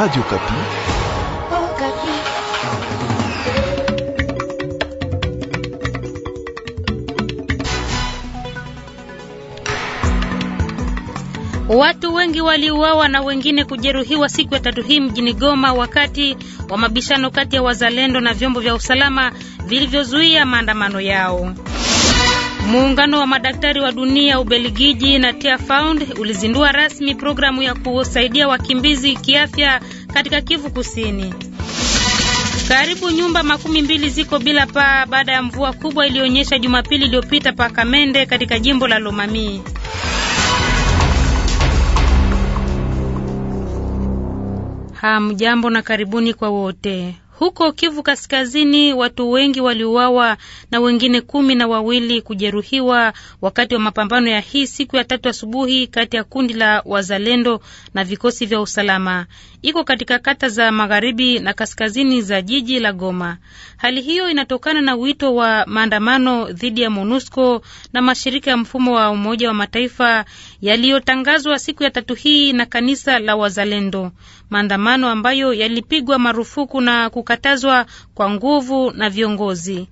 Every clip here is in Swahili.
Radio oh, Kapi. Watu wengi waliuawa na wengine kujeruhiwa siku ya tatu hii mjini Goma wakati wa mabishano kati ya wazalendo na vyombo vya usalama vilivyozuia maandamano yao. Muungano wa madaktari wa dunia Ubelgiji na Tearfaund ulizindua rasmi programu ya kusaidia wakimbizi kiafya katika Kivu Kusini. Karibu nyumba makumi mbili ziko bila paa baada ya mvua kubwa iliyoonyesha Jumapili iliyopita pa Kamende katika jimbo la Lomami. Hamjambo na karibuni kwa wote. Huko Kivu Kaskazini, watu wengi waliuawa na wengine kumi na wawili kujeruhiwa wakati wa mapambano ya hii siku ya tatu asubuhi kati ya kundi la wazalendo na vikosi vya usalama. Iko katika kata za magharibi na kaskazini za jiji la Goma. Hali hiyo inatokana na wito wa maandamano dhidi ya MONUSCO na mashirika ya mfumo wa Umoja wa Mataifa yaliyotangazwa siku ya tatu hii na kanisa la wazalendo, maandamano ambayo yalipigwa marufuku na kukatazwa kwa nguvu na viongozi.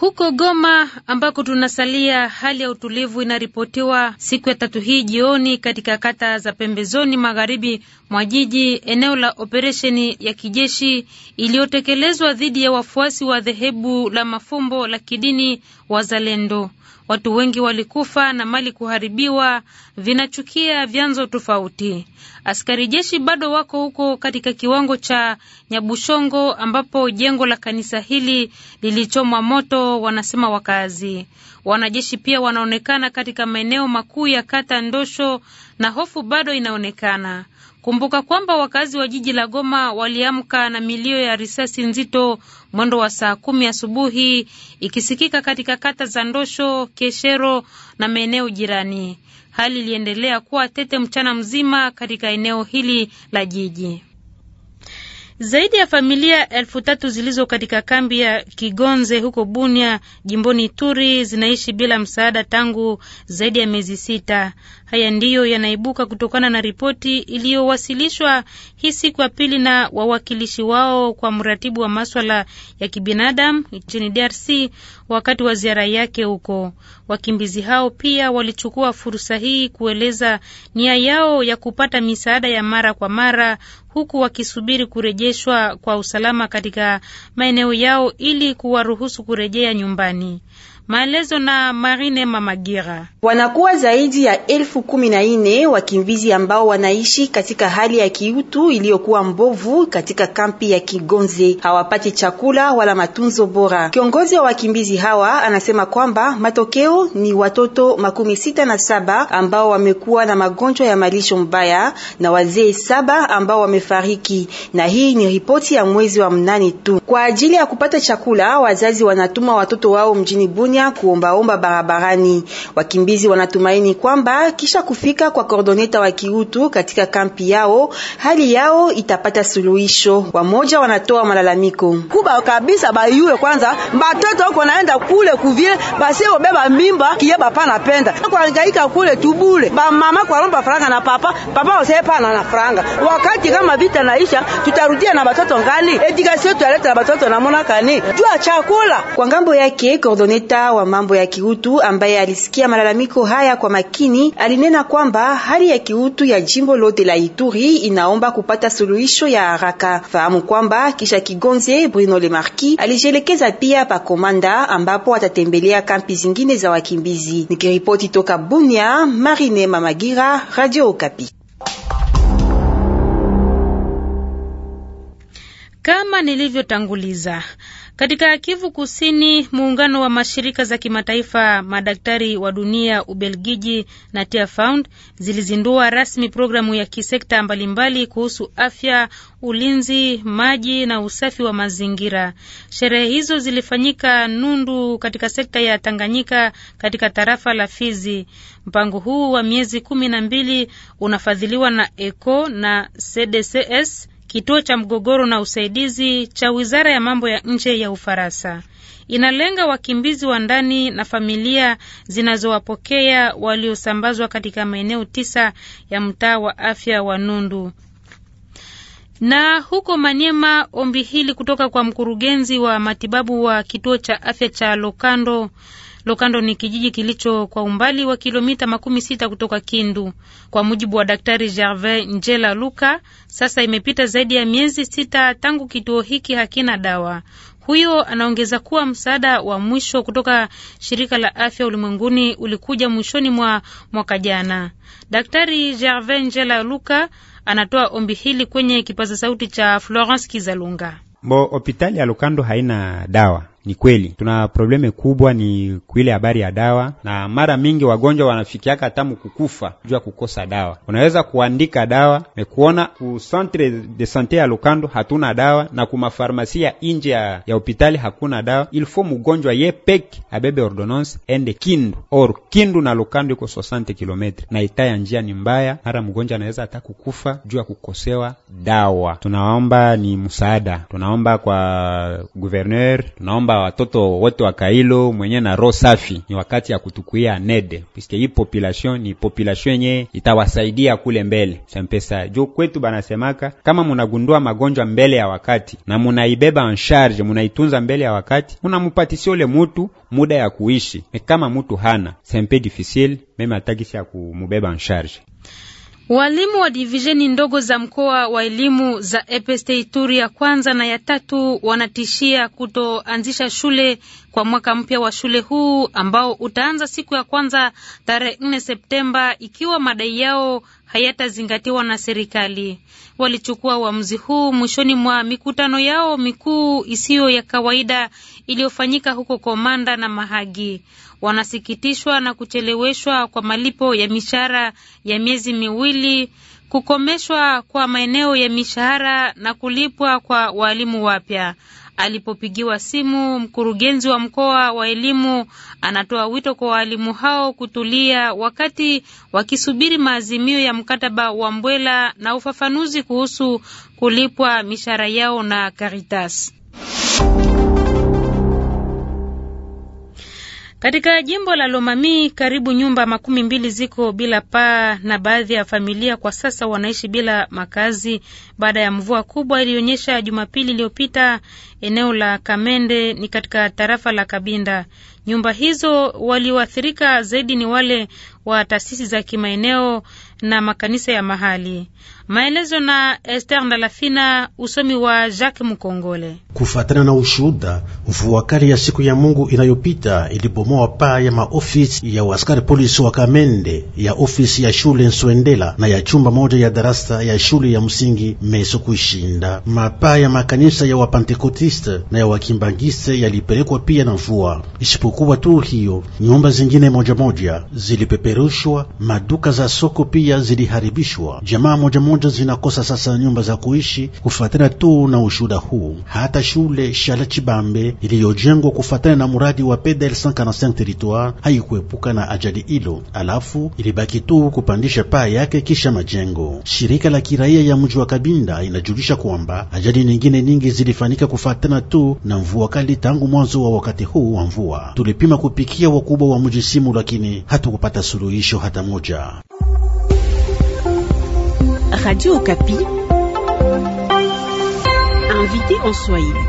Huko Goma ambako tunasalia, hali ya utulivu inaripotiwa siku ya tatu hii jioni katika kata za pembezoni magharibi mwa jiji, eneo la operesheni ya kijeshi iliyotekelezwa dhidi ya wafuasi wa dhehebu la mafumbo la kidini Wazalendo. Watu wengi walikufa na mali kuharibiwa, vinachukia vyanzo tofauti. Askari jeshi bado wako huko katika kiwango cha Nyabushongo ambapo jengo la kanisa hili lilichomwa moto wanasema wakazi. Wanajeshi pia wanaonekana katika maeneo makuu ya kata Ndosho na hofu bado inaonekana. Kumbuka kwamba wakazi wa jiji la Goma waliamka na milio ya risasi nzito mwendo wa saa kumi asubuhi ikisikika katika kata za Ndosho, Keshero na maeneo jirani. Hali iliendelea kuwa tete mchana mzima katika eneo hili la jiji. Zaidi ya familia elfu tatu zilizo katika kambi ya Kigonze huko Bunia jimboni turi zinaishi bila msaada tangu zaidi ya miezi sita. Haya ndiyo yanaibuka kutokana na ripoti iliyowasilishwa hii siku ya pili na wawakilishi wao kwa mratibu wa maswala ya kibinadamu nchini DRC wakati wa ziara yake huko. Wakimbizi hao pia walichukua fursa hii kueleza nia yao ya kupata misaada ya mara kwa mara huku wakisubiri kurejeshwa kwa usalama katika maeneo yao ili kuwaruhusu kurejea nyumbani. Maelezo na Marine Mamagira. Wanakuwa zaidi ya elfu kumi na nne wakimbizi ambao wanaishi katika hali ya kiutu iliyokuwa mbovu katika kampi ya Kigonze, hawapati chakula wala matunzo bora. Kiongozi wa wakimbizi hawa anasema kwamba matokeo ni watoto makumi sita na saba ambao wamekuwa na magonjwa ya malisho mbaya na wazee saba ambao wamefariki, na hii ni ripoti ya mwezi wa mnane tu. Kwa ajili ya kupata chakula, wazazi wanatuma watoto wao mjini Bunia kufanya kuombaomba barabarani. Wakimbizi wanatumaini kwamba kisha kufika kwa kordoneta wa kiutu katika kampi yao hali yao itapata suluhisho. Wamoja wanatoa malalamiko kubwa kabisa bayue kwanza batoto huko naenda kule kuvile basi obeba mimba kiye bapa napenda kuangaika kule tubule ba mama kwa lomba franga na papa papa osepa na na franga wakati kama vita naisha tutarudia na batoto ngali edikasio tualeta na batoto na mona kani jua chakula kwa ngambo yake kordoneta wa mambo ya kiutu ambaye alisikia malalamiko haya kwa makini, alinena kwamba hali ya kiutu ya jimbo lote la Ituri inaomba kupata suluhisho ya haraka. Fahamu kwamba kisha Kigonze, Bruno Lemarquis alijielekeza pia pa Komanda ambapo atatembelea kampi zingine za wakimbizi. Nikiripoti toka Bunia, Marine Mamagira, Radio Okapi. Kama nilivyotanguliza katika Kivu Kusini, muungano wa mashirika za kimataifa madaktari wa dunia Ubelgiji na Tearfound zilizindua rasmi programu ya kisekta mbalimbali kuhusu afya, ulinzi, maji na usafi wa mazingira. Sherehe hizo zilifanyika Nundu katika sekta ya Tanganyika katika tarafa la Fizi. Mpango huu wa miezi kumi na mbili unafadhiliwa na ECO na CDCS kituo cha mgogoro na usaidizi cha wizara ya mambo ya nje ya Ufaransa inalenga wakimbizi wa ndani na familia zinazowapokea waliosambazwa katika maeneo tisa ya mtaa wa afya wa Nundu na huko Manyema, ombi hili kutoka kwa mkurugenzi wa matibabu wa kituo cha afya cha Lokando Lokando ni kijiji kilicho kwa umbali wa kilomita makumi sita kutoka Kindu. Kwa mujibu wa Daktari Gervais Njela Luka, sasa imepita zaidi ya miezi sita tangu kituo hiki hakina dawa. Huyo anaongeza kuwa msaada wa mwisho kutoka shirika la afya ulimwenguni ulikuja mwishoni mwa mwaka jana. Daktari Gervais Njela Luka anatoa ombi hili kwenye kipaza sauti cha Florence Kizalunga. Mbo hopitali ya Lukando haina dawa ni kweli tuna probleme kubwa, ni kuile habari ya dawa, na mara mingi wagonjwa wanafikiaka hata kukufa juu ya kukosa dawa. Unaweza kuandika dawa mekuona ku centre de sante ya Lukando hatuna dawa, na ku mafarmasi ya ya hopitali hakuna dawa. Ilifo mgonjwa ye peke abebe ordonance ende Kindu or Kindu na Lukando iko 60 km na itaa ya njia ni mbaya, mara mgonjwa anaweza hata kukufa juu ya kukosewa dawa. Tunaomba ni msaada, tunaomba kwa gouverneur, tunaomba kwamba watoto wote wa Kailo mwenye na roho safi ni wakati ya kutukuia nede, puisque hii population ni population yenye itawasaidia kule mbele sempesa jo kwetu. Banasemaka kama munagundua magonjwa mbele ya wakati na munaibeba en charge, munaitunza mbele ya wakati, munamupatisia ule mutu muda ya kuishi. Kama mutu hana sempe difficile meme atakisi ya kumubeba en charge Walimu wa divisheni ndogo za mkoa wa elimu za EPST Ituri ya kwanza na ya tatu wanatishia kutoanzisha shule kwa mwaka mpya wa shule huu ambao utaanza siku ya kwanza tarehe 4 Septemba ikiwa madai yao hayatazingatiwa na serikali. Walichukua uamuzi huu mwishoni mwa mikutano yao mikuu isiyo ya kawaida iliyofanyika huko Komanda na Mahagi. Wanasikitishwa na kucheleweshwa kwa malipo ya mishahara ya miezi miwili, kukomeshwa kwa maeneo ya mishahara na kulipwa kwa waalimu wapya. Alipopigiwa simu, mkurugenzi wa mkoa wa elimu anatoa wito kwa waalimu hao kutulia wakati wakisubiri maazimio ya mkataba wa Mbwela na ufafanuzi kuhusu kulipwa mishahara yao na Caritas. Katika jimbo la Lomami karibu nyumba makumi mbili ziko bila paa na baadhi ya familia kwa sasa wanaishi bila makazi baada ya mvua kubwa iliyoonyesha Jumapili iliyopita eneo la Kamende ni katika tarafa la Kabinda. Nyumba hizo walioathirika zaidi ni wale wa taasisi za kimaeneo na makanisa ya mahali. Maelezo na Esther Ndalafina, usomi wa Jacques Mukongole. Kufuatana na ushuhuda, mvua kali ya siku ya Mungu inayopita ilibomoa paa ya maofisi ya waskari polisi wa Kamende, ya ofisi ya shule Nswendela na ya chumba moja ya darasa ya shule ya msingi Meso Kushinda. Mapaa ya makanisa ya Wapantekotiste na ya Wakimbangiste yalipelekwa pia na mvua, isipokuwa tu hiyo, nyumba zingine moja moja zilipeperuka zilirushwa, maduka za soko pia ziliharibishwa. Jamaa moja moja zinakosa sasa nyumba za kuishi, kufuatana tu na ushuda huu. Hata shule Shala Chibambe iliyojengwa kufuatana na muradi wa PDL 145 territoire haikuepuka na ajali hilo, alafu ilibaki tu kupandisha paa yake kisha majengo. Shirika la kiraia ya mji wa Kabinda inajulisha kwamba ajali nyingine nyingi zilifanyika kufuatana tu na mvua kali tangu mwanzo wa wakati huu wa mvua. Tulipima kupikia wakubwa wa mji simu, lakini hatukupata suluhu suluhisho hata moja. Radio Okapi. Invité en Swahili.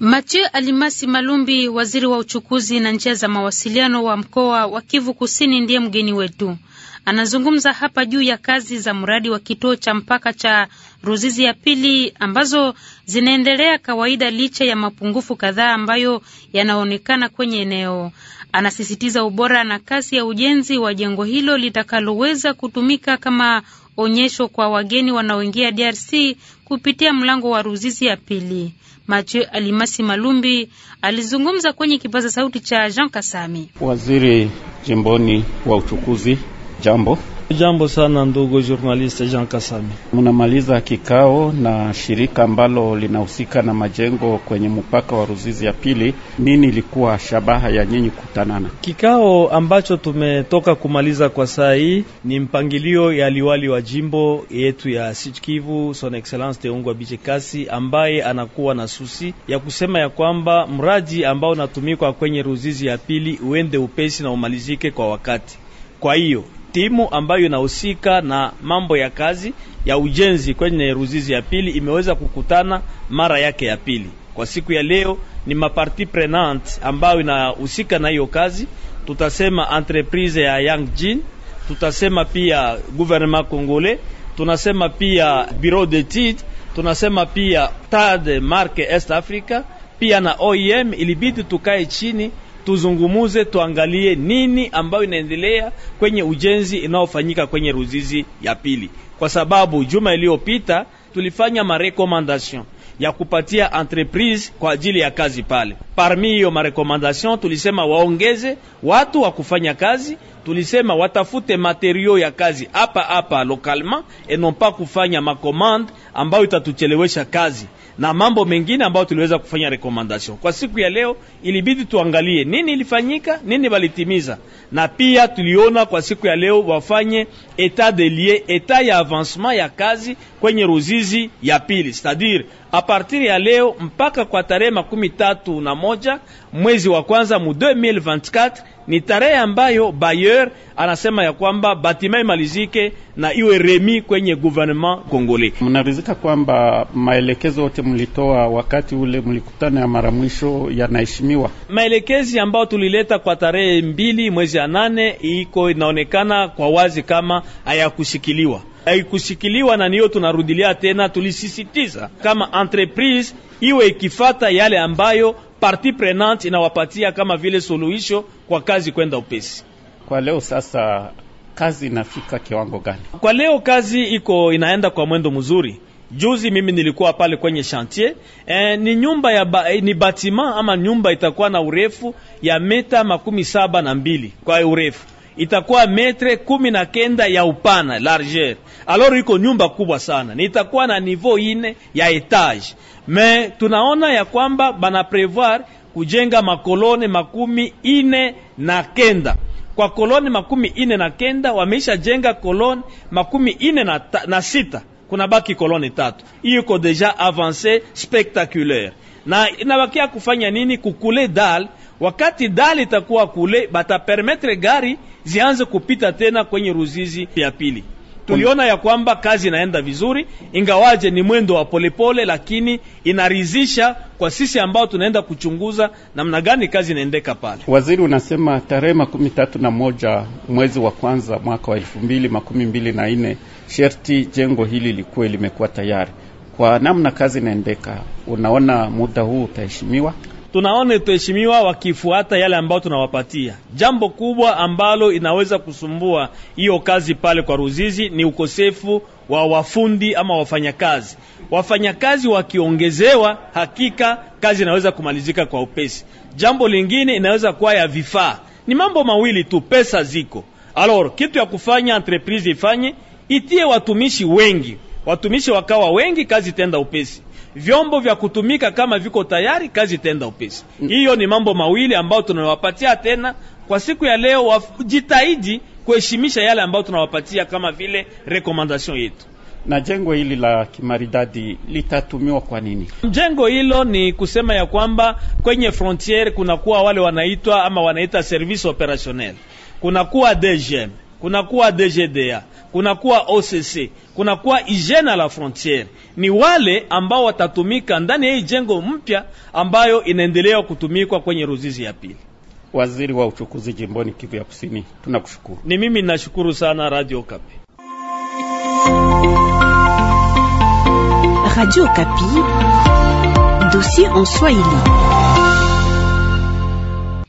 Mathieu Alimasi Malumbi, waziri wa uchukuzi na njia za mawasiliano wa mkoa wa Kivu Kusini, ndiye mgeni wetu. Anazungumza hapa juu ya kazi za mradi wa kituo cha mpaka cha Ruzizi ya pili ambazo zinaendelea kawaida licha ya mapungufu kadhaa ambayo yanaonekana kwenye eneo. Anasisitiza ubora na kasi ya ujenzi wa jengo hilo litakaloweza kutumika kama onyesho kwa wageni wanaoingia DRC kupitia mlango wa Ruzizi ya pili. Mathieu Alimasi Malumbi alizungumza kwenye kipaza sauti cha Jean Kasami. Waziri jimboni wa uchukuzi, jambo Jambo sana ndugu journalist Jean Kasami. Mnamaliza kikao na shirika ambalo linahusika na majengo kwenye mpaka wa Ruzizi ya pili. Nini ilikuwa shabaha ya nyinyi kukutanana? Kikao ambacho tumetoka kumaliza kwa saa hii ni mpangilio ya liwali wa jimbo yetu ya Sud Kivu, Son Excellence Teungwa Bichekasi, ambaye anakuwa na susi ya kusema ya kwamba mradi ambao unatumikwa kwenye Ruzizi ya pili uende upesi na umalizike kwa wakati. Kwa hiyo timu ambayo inahusika na mambo ya kazi ya ujenzi kwenye Ruzizi ya pili imeweza kukutana mara yake ya pili kwa siku ya leo. Ni maparti prenante ambayo inahusika na hiyo kazi, tutasema entreprise ya Jin, tutasema pia gouvernement congolais, tunasema pia bureau tid tunasema pia TAD marke est Africa, pia na OIM. Ilibidi tukae chini tuzungumuze, tuangalie nini ambayo inaendelea kwenye ujenzi inayofanyika kwenye Ruzizi ya pili, kwa sababu juma iliyopita tulifanya marekomandation ya kupatia entreprise kwa ajili ya kazi pale. Parmi hiyo marekomandation tulisema waongeze watu wa kufanya kazi, tulisema watafute materio ya kazi hapa hapa lokalma, et non pas kufanya makomande ambayo itatuchelewesha kazi na mambo mengine ambayo tuliweza kufanya recommendation. Kwa siku ya leo ilibidi tuangalie nini ilifanyika, nini walitimiza na pia tuliona kwa siku ya leo wafanye etat de lieu, etat ya avancement ya kazi kwenye Ruzizi ya pili, c'est-à-dire a partir ya leo mpaka kwa tarehe makumi tatu na moja mwezi wa kwanza mu 2024 ni tarehe ambayo bayer anasema ya kwamba batima imalizike na iwe remi kwenye gouvernement kongolais. Mnarizika kwamba maelekezo yote mlitoa wakati ule mlikutana ya mara mwisho yanaheshimiwa? Maelekezi ambayo tulileta kwa tarehe mbili mwezi ya nane iko inaonekana kwa wazi kama hayakushikiliwa haikushikiliwa na niyo tunarudilia tena. Tulisisitiza kama entreprise iwe ikifata yale ambayo parti prenante inawapatia kama vile suluhisho kwa kazi kwenda upesi. Kwa leo sasa, kazi inafika kiwango gani? Kwa leo kazi iko inaenda kwa mwendo mzuri. Juzi mimi nilikuwa pale kwenye chantier e, ni nyumba ya ba, e, ni batima ama nyumba itakuwa na urefu ya meta makumi saba na mbili kwa urefu itakuwa metre kumi na kenda ya upana largeur. Alors iko nyumba kubwa sana, ni itakuwa na niveau ine ya etage, me tunaona ya kwamba bana prevoir kujenga makolone makumi ine na kenda kwa kolone makumi ine na kenda wameisha jenga kolone makumi ine na, na sita baki koloni tatu, hiyo iko deja avance spectaculaire, na inabakia kufanya nini? Kukule dal wakati dal itakuwa kule, batapermetre gari zianze kupita tena kwenye Ruzizi ya pili tuliona ya kwamba kazi inaenda vizuri, ingawaje ni mwendo wa polepole pole, lakini inaridhisha kwa sisi ambao tunaenda kuchunguza namna gani kazi inaendeka pale. Waziri, unasema tarehe makumi tatu na moja mwezi wa kwanza mwaka wa elfu mbili makumi mbili na nne sherti jengo hili likuwe limekuwa tayari. Kwa namna kazi inaendeka, unaona muda huu utaheshimiwa? tunaona tuheshimiwa wakifuata yale ambayo tunawapatia. Jambo kubwa ambalo inaweza kusumbua hiyo kazi pale kwa Ruzizi ni ukosefu wa wafundi ama wafanyakazi. Wafanyakazi wakiongezewa, hakika kazi inaweza kumalizika kwa upesi. Jambo lingine inaweza kuwa ya vifaa. Ni mambo mawili tu, pesa ziko. Alors, kitu ya kufanya entreprise ifanye, itie watumishi wengi, watumishi wakawa wengi, kazi tenda upesi vyombo vya kutumika kama viko tayari, kazi itaenda upesi. Mm. Hiyo ni mambo mawili ambayo tunawapatia tena kwa siku ya leo, wajitahidi kuheshimisha yale ambayo tunawapatia kama vile rekomandasyon yetu. Na jengo hili la kimaridadi litatumiwa kwa nini? Jengo hilo ni kusema ya kwamba kwenye frontiere kunakuwa wale wanaitwa ama wanaita service operationnel, kunakuwa DGM kunakuwa DGDA, kunakuwa OCC, kunakuwa hygiene à la frontière. Ni wale ambao watatumika ndani ya hii jengo mpya ambayo inaendelea kutumikwa kwenye Ruzizi ya pili. Waziri wa uchukuzi jimboni Kivu ya Kusini, tunakushukuru. Ni mimi ninashukuru sana Radio Kapi. Radio Kapi, dossier en Swahili.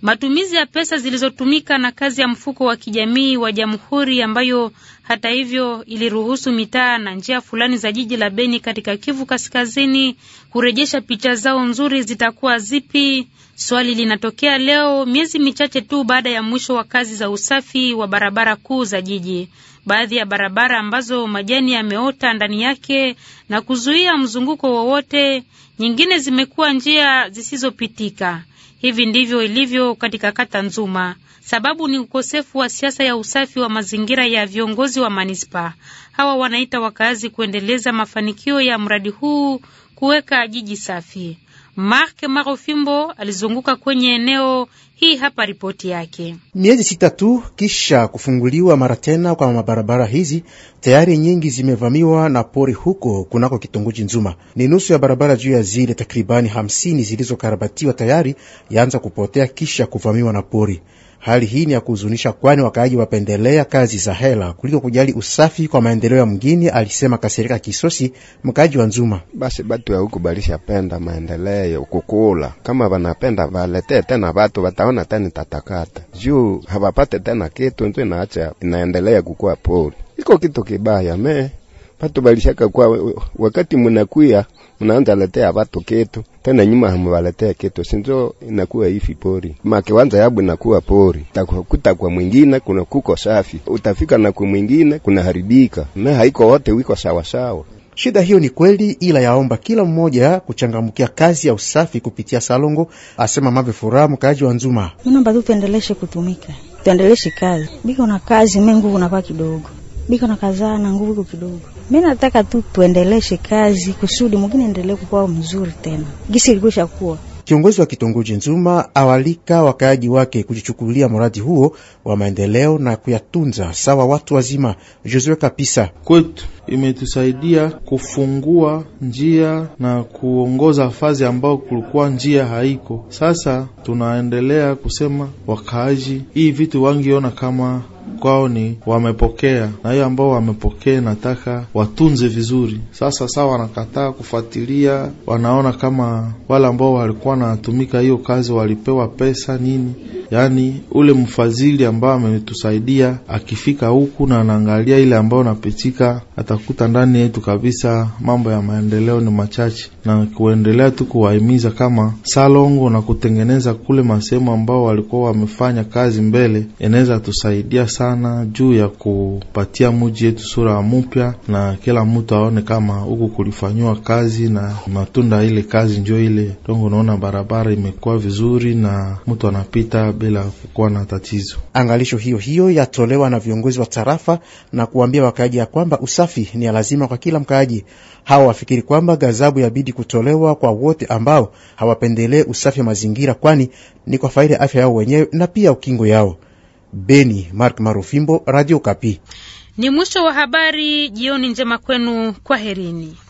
Matumizi ya pesa zilizotumika na kazi ya mfuko wa kijamii wa Jamhuri ambayo hata hivyo iliruhusu mitaa na njia fulani za jiji la Beni katika Kivu Kaskazini kurejesha picha zao nzuri zitakuwa zipi? Swali linatokea leo miezi michache tu baada ya mwisho wa kazi za usafi wa barabara kuu za jiji. Baadhi ya barabara ambazo majani yameota ndani yake na kuzuia mzunguko wowote, nyingine zimekuwa njia zisizopitika. Hivi ndivyo ilivyo katika kata nzima. Sababu ni ukosefu wa siasa ya usafi wa mazingira ya viongozi wa manispa Hawa wanaita wakazi kuendeleza mafanikio ya mradi huu, kuweka jiji safi. Mark Marofimbo alizunguka kwenye eneo. Hii hapa ripoti yake. Miezi sita tu kisha kufunguliwa mara tena kwa mabarabara hizi, tayari nyingi zimevamiwa na pori huko kunako kitongoji Nzuma. Ni nusu ya barabara juu ya zile takribani hamsini zilizokarabatiwa tayari yaanza kupotea kisha kuvamiwa na pori. Hali hii ni ya kuhuzunisha, kwani wakaaji wapendelea kazi za hela kuliko kujali usafi kwa maendeleo ya mgini, alisema Kasirika Kisosi, mkaaji wa Nzuma. Basi batu ya huku balishapenda maendeleo kukula, kama wanapenda valetee tena vatu, wataona tena tatakata juu havapate tena kitu, ndio inaacha inaendelea kukua pori, iko kitu kibaya me Batu balishaka kwa wakati munakuya munaanza letea batu ketu tena nyuma hamubaletea ketu, sinzo inakuwa ifi pori makiwanza yabu inakuwa pori takuta kwa mwingine kuna kuko safi, utafika na kwa mwingine kuna haribika, na haiko wote wiko sawasawa. Shida hiyo ni kweli, ila yaomba kila mmoja kuchangamkia kazi ya usafi kupitia salongo, asema Mave Furaha, mkaaji wa Nzuma. Naomba tu tuendeleshe kutumika, tuendeleshe kazi biko na kazi me nguvu nakwa kidogo biko na kazaa na nguvu kidogo mimi nataka tu tuendeleshe kazi kusudi mwingine endelee kuwa mzuri tena gisi ilikwisha kuwa. Kiongozi wa kitongoji Nzuma awalika wakaaji wake kujichukulia mradi huo wa maendeleo na kuyatunza sawa watu wazima. Josue Kapisa kwetu imetusaidia kufungua njia na kuongoza fazi ambayo kulikuwa njia haiko. Sasa tunaendelea kusema wakaaji, hii vitu wangiona kama kwao ni wamepokea, na hiyo ambao wamepokea nataka watunze vizuri. Sasa saa wanakataa kufuatilia, wanaona kama wale ambao walikuwa wanatumika hiyo kazi walipewa pesa nini yaani ule mfadhili ambayo ametusaidia akifika huku na anaangalia ile ambayo napitika atakuta ndani yetu kabisa mambo ya maendeleo ni machache, na kuendelea tu kuwahimiza kama salongo na kutengeneza kule masehemu ambao walikuwa wamefanya kazi mbele, inaweza tusaidia sana juu ya kupatia muji yetu sura ya mupya, na kila mtu aone kama huku kulifanyiwa kazi na matunda ile kazi njo ile tongo. Unaona barabara imekuwa vizuri na mtu anapita bila kukuwa na tatizo. Angalisho hiyo hiyo yatolewa na viongozi wa tarafa na kuambia wakaaji ya kwamba usafi ni ya lazima kwa kila mkaaji. Hawa wafikiri kwamba gazabu yabidi kutolewa kwa wote ambao hawapendelee usafi wa mazingira, kwani ni kwa faida ya afya yao wenyewe na pia ukingo yao. Beni, Mark Marufimbo, Radio Kapi. Ni mwisho wa habari. Jioni njema kwenu, kwaherini.